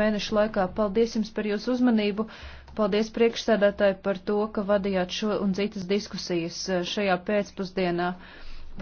mēnešu laikā. Paldies jums par jūsu uzmanību. Paldies priekšsēdētāji par to, ka vadījāt šo un citas diskusijas eh, šajā pēcpusdienā.